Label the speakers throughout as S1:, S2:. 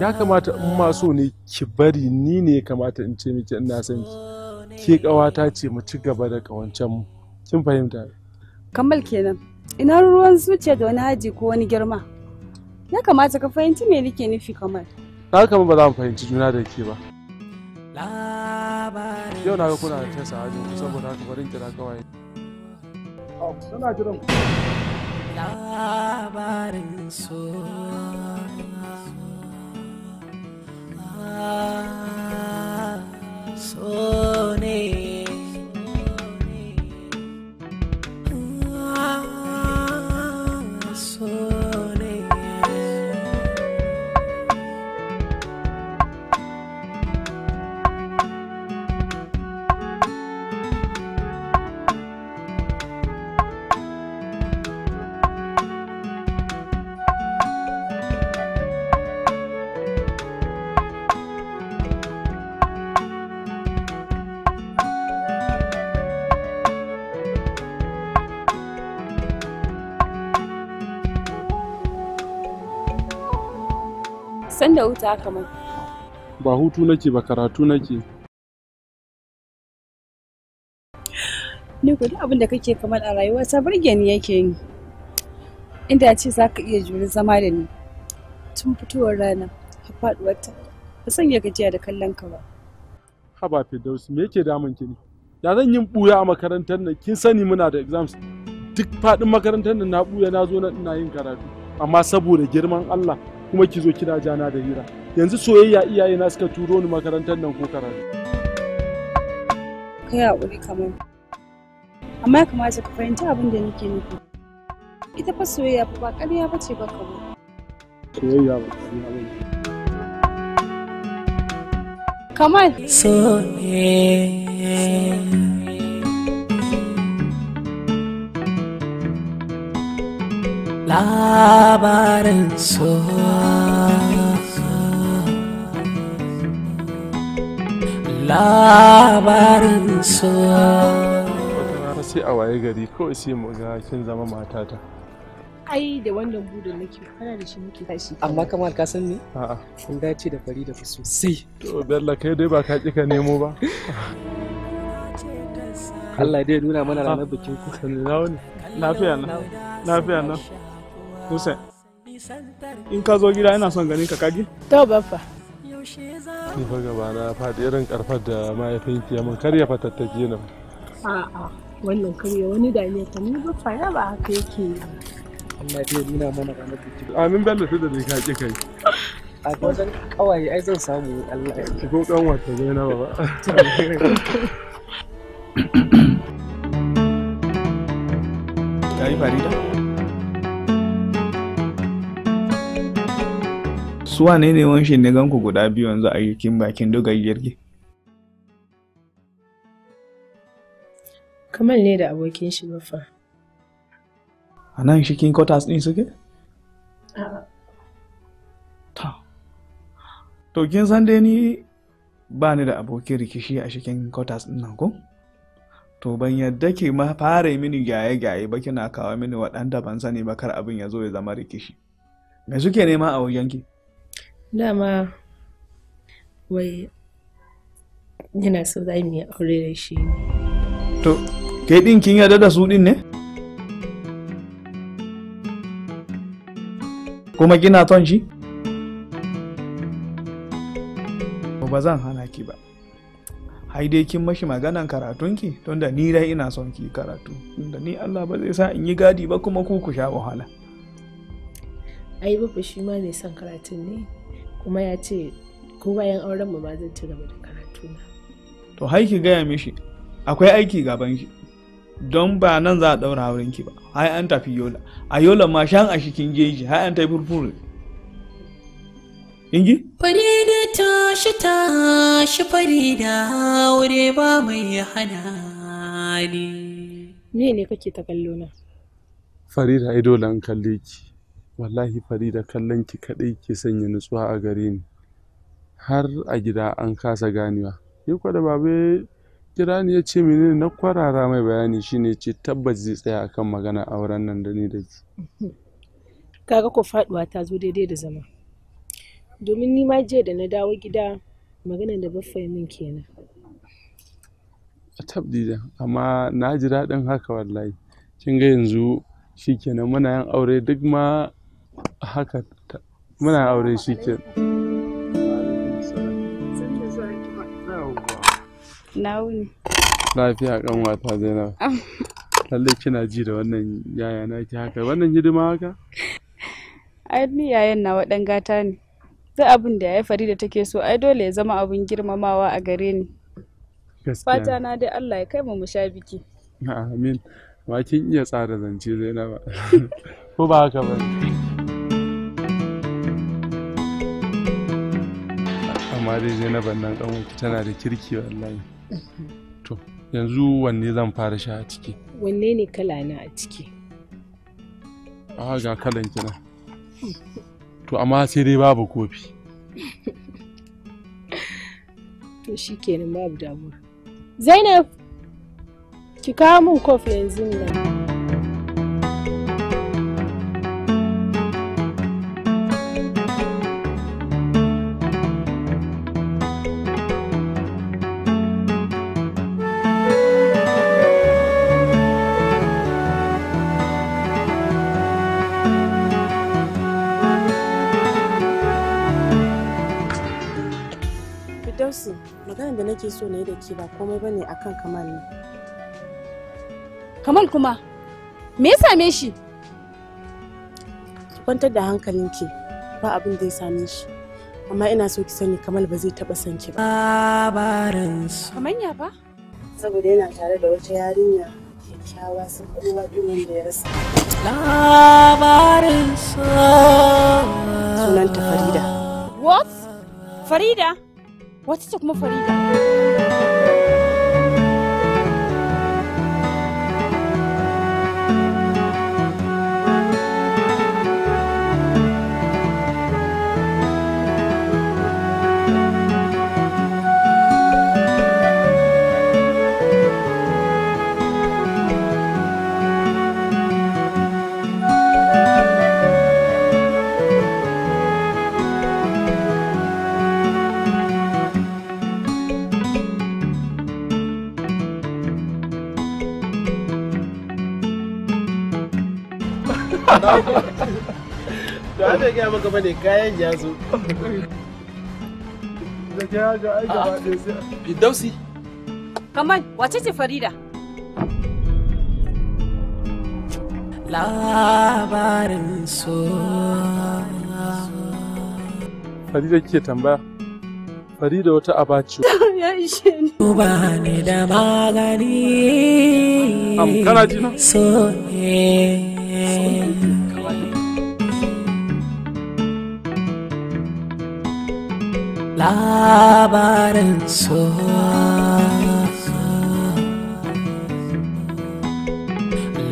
S1: ya kamata in ma so ne ki bari ni ne ya kamata in ce miki ina son ki ke kawata ce mu ci gaba da kawancen mu kin fahimta
S2: kammal kenan ina ruwan zuciya da wani haji ko wani girma ya kamata ka fahimci me nake nufi kamar
S1: ta kama ba za mu fahimci juna da ke ba yau na ga kuna da tesa hajji saboda haka bari kira kawai
S3: suna jiran labarin so ah, so ne
S2: wanda huta kamar.
S1: Ba hutu nake ba karatu nake.
S2: Ni gudu abin da kake kamar a rayuwa ta burge ni yake ni. Inda ce za ka iya juri zama da ni. Tun fitowar rana, har ta ba sanya gajiya da kallon ka ba.
S1: Haba Firdausi, me yake damun ki ne? Da zan yin ɓuya a makarantar nan, kin sani muna da exams. Duk faɗin makarantar nan na ɓuya na zo na ina yin karatu. Amma saboda girman Allah, kuma ki zo kina jana da hira yanzu soyayya iyaye na suka turo ni makarantar nan ko karatu
S2: kai hakuri kamar amma ya kamata ka fahimci abin da nake nufi ita fa soyayya ba ƙarya ba ce ba kamar
S1: soyayya ba ƙarya ba ce
S2: So,
S3: labarin so labarin
S1: so sai a waye gari kawai sai mu ga kin zama matata
S2: ai da wannan budin nake kana da shi muke tashi amma
S1: kamar ka san ni? a'a kun dace da fari da sai to bella kai dai ba ka kika nemo ba
S3: Allah dai
S4: nuna mana ranar bikin ku lafiya na lafiya na lafiya na Hussein, in ka zo gida ina son ganin ka kage? To baffa. Ni
S1: fa gaba na faɗi irin karfar da mahaifinki ya mun karya na ni.
S2: A'a, wannan karya wani da ne ta ni fa ya ba haka yake yi.
S1: Allah zai nuna mana ranar biki. Amin Bello da ne ka ki kai. A wajen kawai ai zan samu Allah ya ki ko kan wata na baba.
S4: Yayi Farida. su wane ne wanshi na ganku guda biyu yanzu a yakin bakin dogayyar ki
S2: kamar ne da abokin shi bafa
S4: a nan shi kin quarters din suke to kin san dai ni ba ni da abokin rikishi a shikin kotas din nan ko to ban yadda ke ma fara mini gyaye-gyaye ba kina kawo mini waɗanda ban sani ba kar abin ya zo ya zama rikishi me suke nema a wajen ki
S2: dama wai yana so za mu yi aure da
S4: shi ne to kai din kin yarda da su din ne kuma kina ton shi ba zan hana ki ba hai dai kin mashi maganan karatunki don da ni dai ina son ki karatu da ni Allah ba zai sa in yi gadi ba kuma ku ku sha wahala
S2: ai ba shi ma ne son karatun ne kuma ya ce ko bayan auren mu ba zan ci gaba da karatu na
S4: to hai ki gaya mishi akwai aiki gaban ki don ba nan za a daura auren ki ba hai an tafi yola a yola ma shan a shikin geji hai an tafi furfuru Ingi?
S2: Farida shi fari farida wuri ba mai hana ni. Me ne kake ta kallo na?
S1: Farida idolan kalle ki. wallahi farida kallon ki kaɗai ke sanya nutsuwa a gare ni har a gida an kasa ganewa ni kwa da babu kira ni ya ce mene na kwarara mai bayani shine ce tabbas zai tsaya akan magana auren nan da ni
S2: da ki kaga ko faduwa ta zo daidai da zama domin ni ma jiya da na dawo gida maganar da baffa min kenan
S1: tabdida amma na ji daɗin haka wallahi kin ga yanzu shikenan muna yin aure duk ma haka muna aure shi ke na lafiya kan wata zainab lallai kina ji da wannan yaya na ki haka wannan hidima haka
S2: ai ni yayan na wadan gata ne duk abin da yayi farida take so ai dole ya zama abin girmamawa a gare ni fata na dai Allah ya kai mu mu sha biki
S1: amin ma kin iya tsara zance zainaba ko ba haka ba ne. amma dai zainaban nan kanwarki tana da kirki wallahi to yanzu wanne zan fara sha a ciki
S2: wanne ne kala na a ciki
S1: a ga kalan kina to amma sai dai babu kofi
S2: to shi kenan babu damuwa zainab ki kawo min kofi yanzu nan nake so ne da ke ba komai ba ne akan kamal ne kamal kuma me ya same shi ki kwantar da hankalinki ba abin da ya same shi amma ina so ki sani kamal ba zai taba son ki ba kamar ya ba saboda yana tare da wata yarinya kyakkyawa sun kuma da ya rasa labarin sunanta farida what farida wata ce kuma farida
S1: da bai gaya maka bane kayan ya zo da ga ga ai gaba ɗaya sai Fidausi
S2: wace ce Farida
S3: labarin so Farida
S1: kike tambaya Farida wata abaci
S3: ya ishe ni ba ni da magani am kana ji so eh labarin so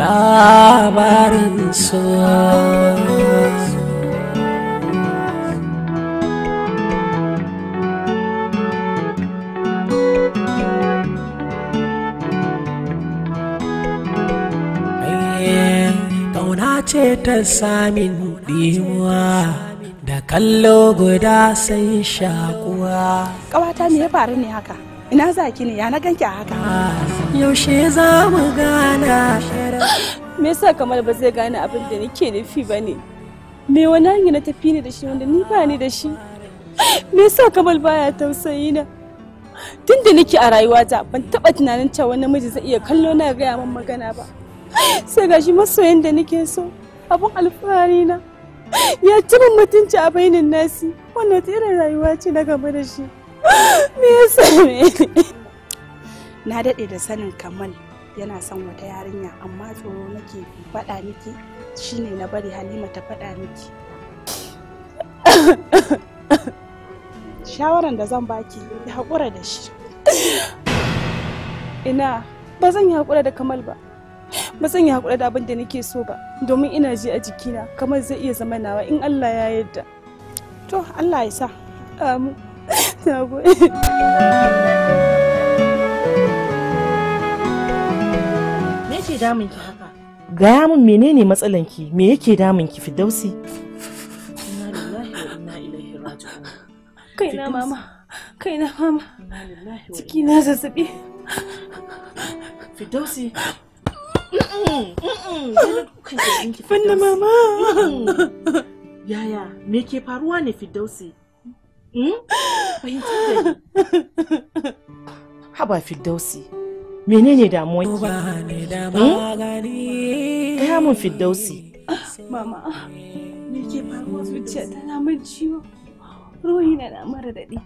S3: labarin so ce ta samin ɗimuwa kallo guda sai shakuwa
S2: ƙawata me ya faru ne haka ina za ki ne ya na ganki a haka yaushe za mu gana me yasa kamar ba zai gane abin da nake nufi ba ne me wani hanyar na tafi ne da shi wanda ni ba ni da shi me yasa kamal baya tausayi na tun da nake a rayuwata ban taɓa tunanin cewa namiji zai iya kallo na gaya min magana ba sai gashi masoyin da nake so abin alfahari na ya ci min mutunci a bainin nasi wannan wata rayuwa ce na gaba da shi me yasa ne na daɗe da sanin kamal yana son wata yarinya amma tsoro nake faɗa miki shine na bari halima ta faɗa miki shawaran da zan baki ya haƙura da shi ina ba zan yi haƙura da kamal ba ba zan yi haƙura da abin da nake so ba domin ina ji a jikina kamar zai iya zama nawa in Allah ya yarda to Allah ya sa na me yake damun ki haka gaya min menene matsalan ki me yake damun ki Firdausi kaina mama kaina mama ciki na zazzabi Firdausi Fanda mama. Yaya, me ke faruwa ne Firdausi? Hmm? Haba Firdausi, menene damuwa ki? Kaya hmm? mun Firdausi. Mama, me ke faruwa zuciya ciwo. Ruhi na mara daɗi.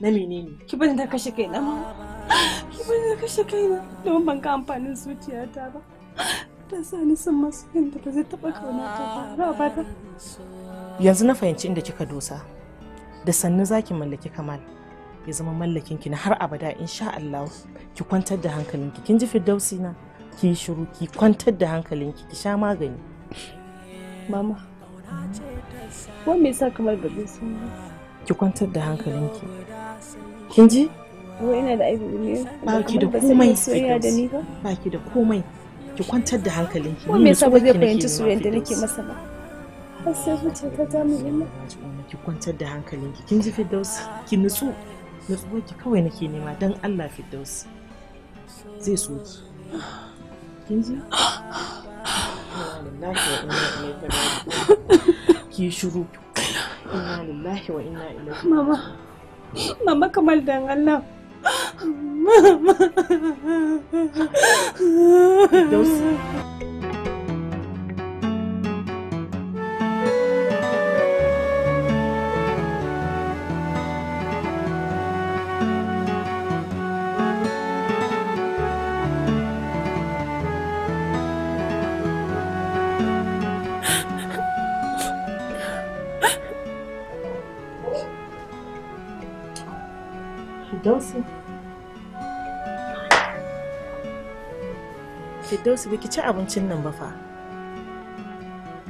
S2: Na menene? kashe kai na mama. abin kashe kaina domin ban ga amfanin zuciyata ba ta sa ni san masu da ba zai taɓa kauna ta ba yanzu na fahimci inda kika dosa da sannu zaki mallaki kamal ya zama mallakin ki na har abada insha Allah ki kwantar da hankalinki kin ji firdausi na ki shiru ki kwantar da hankalinki ki sha magani mama wa me yasa kamar ba zai ki kwantar da hankalinki kin ji wai ina da aibi ne ba ki da komai soyayya da ni ba ba ki da komai ki kwantar da hankalinki ni ne saboda zai fahimci soyayya da nake masa ba har sai zuciya ta ta mu ina ki kwantar da hankalinki kin ji Firdausi ki nutsu nutsuwar ki kawai nake nema dan Allah Firdausi zai so ki kin ji ki shiru inna lillahi wa inna ilaihi mama mama kamar dan Allah Mama.
S5: Doce.
S2: Firdausu. Firdausu baki ci abincin nan ba fa.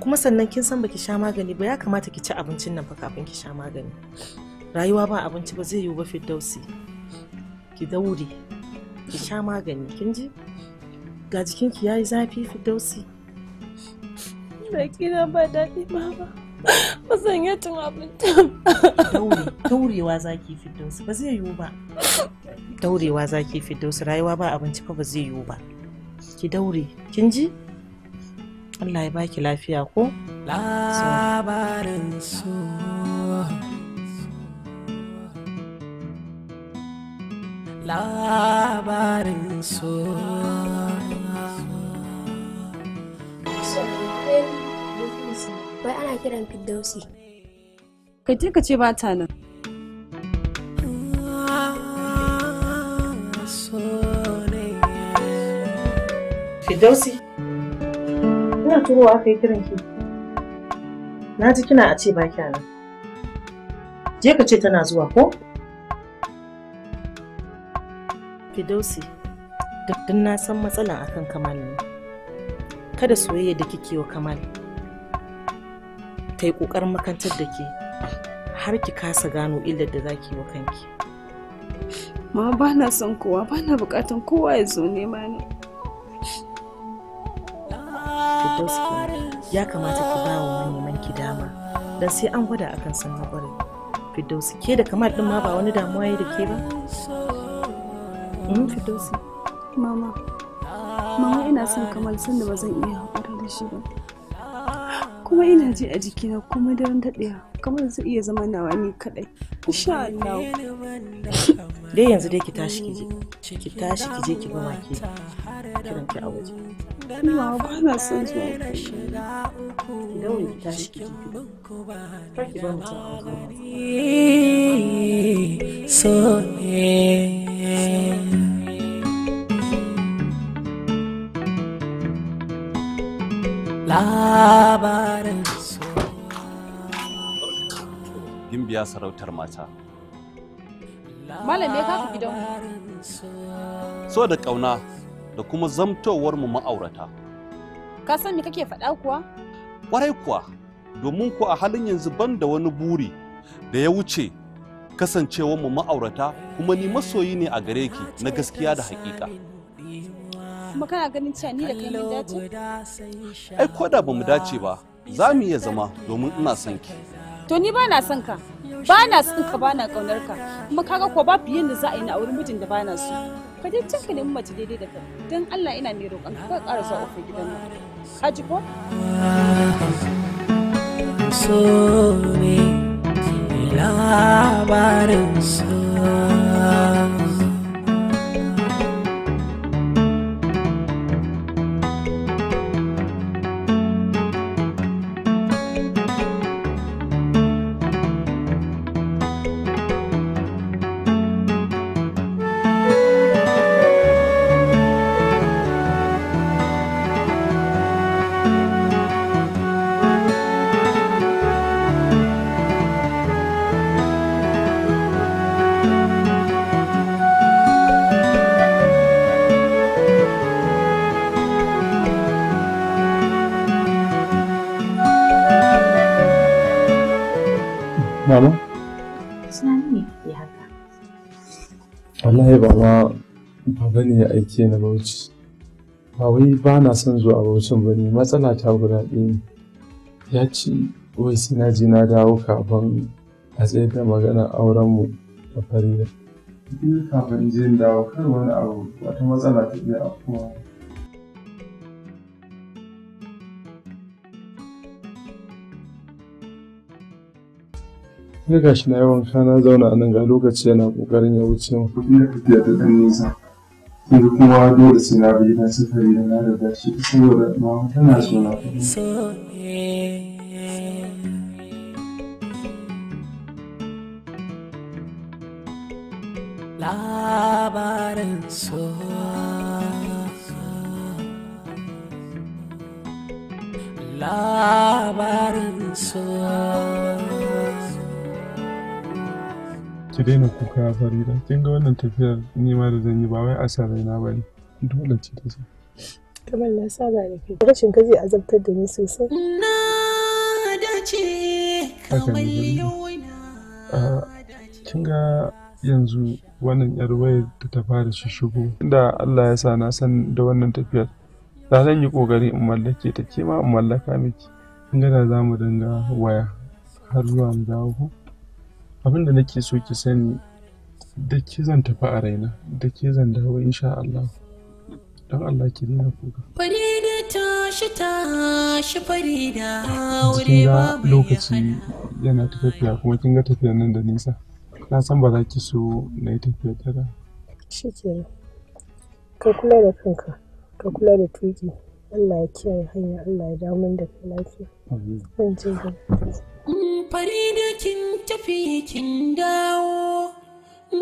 S2: Kuma sannan kin san baki sha magani ba ya kamata ki ci abincin nan fa kafin ki sha magani. Rayuwa ba abinci ba zai yiwu ba Firdausi. Ki daure, ki sha magani, kin ji? Ga jikinki yayi zafi Firdausi. Baki na ba daɗi baba. ba zan iya cin abincin daurewa zaki fiddausu ba zai yiwu ba daurewa zaki fiddausu rayuwa ba abinci fa ba zai yiwu ba ki daure kin ji Allah ya baki lafiya ko labarin su
S3: labarin su wai ana kiran fiddausi
S2: kai je ka ce ba ta nan fiddausi ina turowa aka yi kiran ki na ji kina a ce ba ki nan je ka ce tana zuwa ko fiddausi duk na san matsalan akan kamal ne kada soyayya da kike wa kamal ka yi ƙoƙarin makantar da ke har ki kasa gano illar da za ki wa kanki. Ma ba na son kowa ba na bukatan kowa ya zo nema ni. ya kamata ki ba wa maneman ki dama don sai an gwada akan san na kwarai. Firdausi ke da kamar ɗin ma ba wani damuwa ya da ke ba? Hmm, mama, mama ina son kamar da ba zan iya haƙura da shi ba. kuma ina ji a jikina kuma daren daɗewa kamar zai iya zama nawa ni kaɗai insha Allah dai yanzu dai ki tashi ki je ki tashi ki je ki ga maki kiran ki a waje ni ma ba na son zuwa idan ki tashi ki je kar ki ba mutum a
S3: waje so eh
S4: Gimbiya sarautar mata.
S3: Malam
S2: gidan
S4: So da ƙauna da kuma zamtowar mu ma'aurata.
S2: Ka san me kake faɗa kuwa?
S4: Ƙwarai kuwa, domin ku a halin yanzu ban da wani buri da ya wuce kasancewar mu ma'aurata kuma ni masoyi ne a gare ki na gaskiya da haƙiƙa.
S2: kuma kana ganin cewa ni da kai mun dace ai
S4: ko da bamu dace ba za mu iya zama domin ina son ki
S2: to ni ba na son ka ba na son ka ba na kaunar ka kuma kaga ko ba fiye da za a yi na auri mijin da ba na so ka je can ka nemi mace daidai da kai don Allah ina ne roƙon ka ƙara zuwa ofin gidan mu. ka ji ko
S3: so ne labarin so
S1: Mama?
S5: Tunani ne ke haka.
S1: Wallahi ba ma baba ne ya aike na Bauchi. Ba wai ba na son zuwa Bauchin ba ne matsala ta guda ɗaya ne. Ya ce wai sai na je na dawo kafin a tsaye da magana auren mu da Farida. Duk kafin je dawo kar wani abu wata matsala ta iya afkuwa. Sai ga shi na yi wanka na zauna a nan ga lokaci yana kokarin ya wuce mu. Kuɗi na tafiya ta ɗan nisa. Sai kuma dole sai na bi na sufuri da na da shi saboda mama tana so na
S3: Labarin soya. labarin so
S1: ki daina kuka farida kin ga wannan tafiyar Ni ma da zan yi ba wai asarai na bane dole ce ta sa
S2: kamar na saba da kai rashin ka zai azabtar da ni sosai na dace kamar
S1: yau ah, kin ga yanzu wannan yar wayar da ta fara shishigo Inda Allah ya sa na san da wannan tafiyar da zan yi kokari in mallake ta ke ma in mallaka miki kin ga da za mu dinga waya har zuwa mu dawo abin da nake so ki sani da ke zan tafi a raina da ke zan dawo insha Allah don Allah ki daina kuka
S2: farida tashi tashi farida wuri ba
S1: lokaci yana tafiya kuma kin ga tafiyar nan da nisa na san ba za ki so na yi tafiya ta
S2: shi ke ka kula da kanka ka kula da tuki Allah ya kiyaye hanya Allah ya dawo da lafiya lafiya zan ji farida kin tafi kin dawo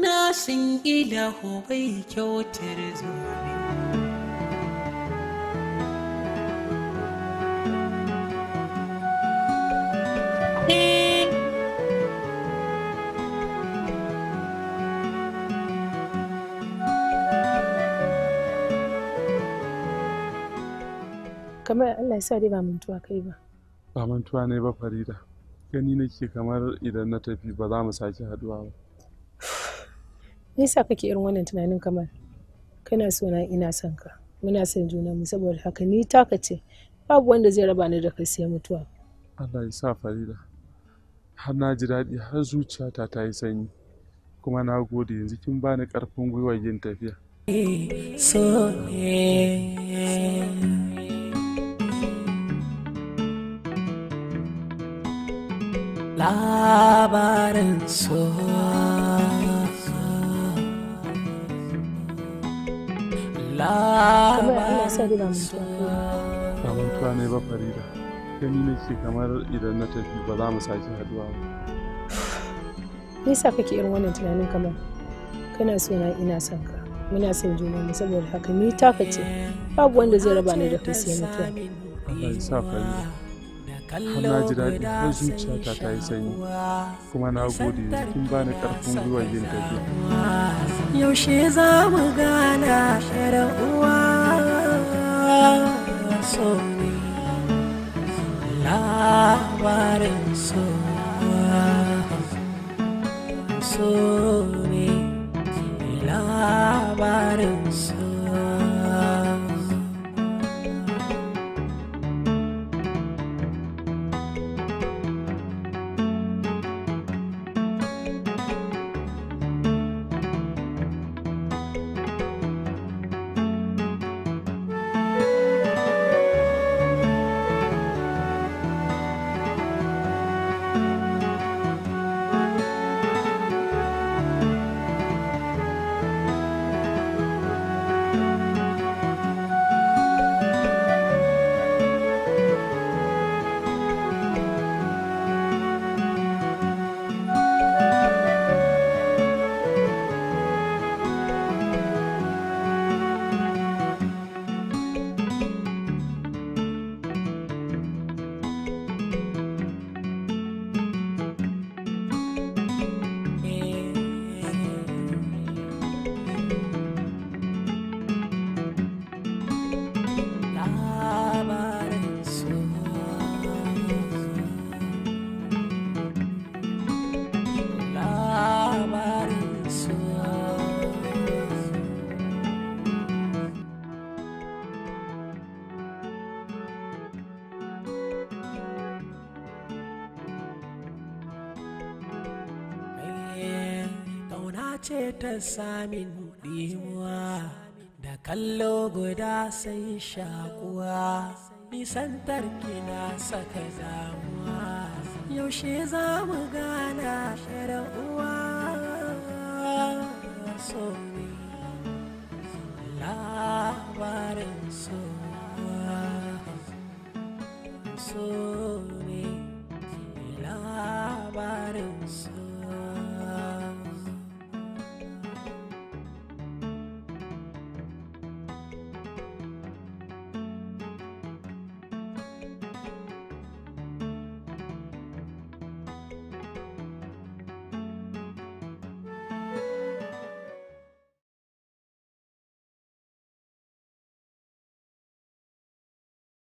S2: na san ilahu bai kyautar zuwa kamar Allah ya sa dai ba mantuwa kai ba.
S1: Ba mantuwa ne ba Farida. gani nake kamar idan na tafi ba za mu sake haduwa ba
S2: me yasa kake irin wannan tunanin kamar kana so na ina son ka muna son juna mu saboda haka ni taka ce babu wanda zai raba ni da kai sai mutuwa
S1: Allah ya sa Farida har na ji daɗi har zuciyata ta yi sanyi kuma na gode yanzu kin bani karfin gwiwa yin tafiya
S3: eh, so eh, eh. labarin so labarin so kamantuwa
S1: ne ba farida gani nake kamar idan na tafi ba za mu sake haduwa ba
S2: nisa kake irin wannan tunanin kamar kana so na ina son ka muna son juna mu saboda haka ni taka ce babu wanda zai raba ni da kai sai mutuwa
S1: Allah sa farida Hannu ji daɗi ko zuciyata ta yi sanyi kuma na gode kin ba ni ƙarfin gwiwa yin tafiya.
S3: yaushe za mu gana shirin uwa so ne labarin so so ne labarin so ta samin ɗimuwa da kallo guda sai shakuwa tarki na saka damuwa yaushe za mu gana uwa so ne labarin so so ne labarin so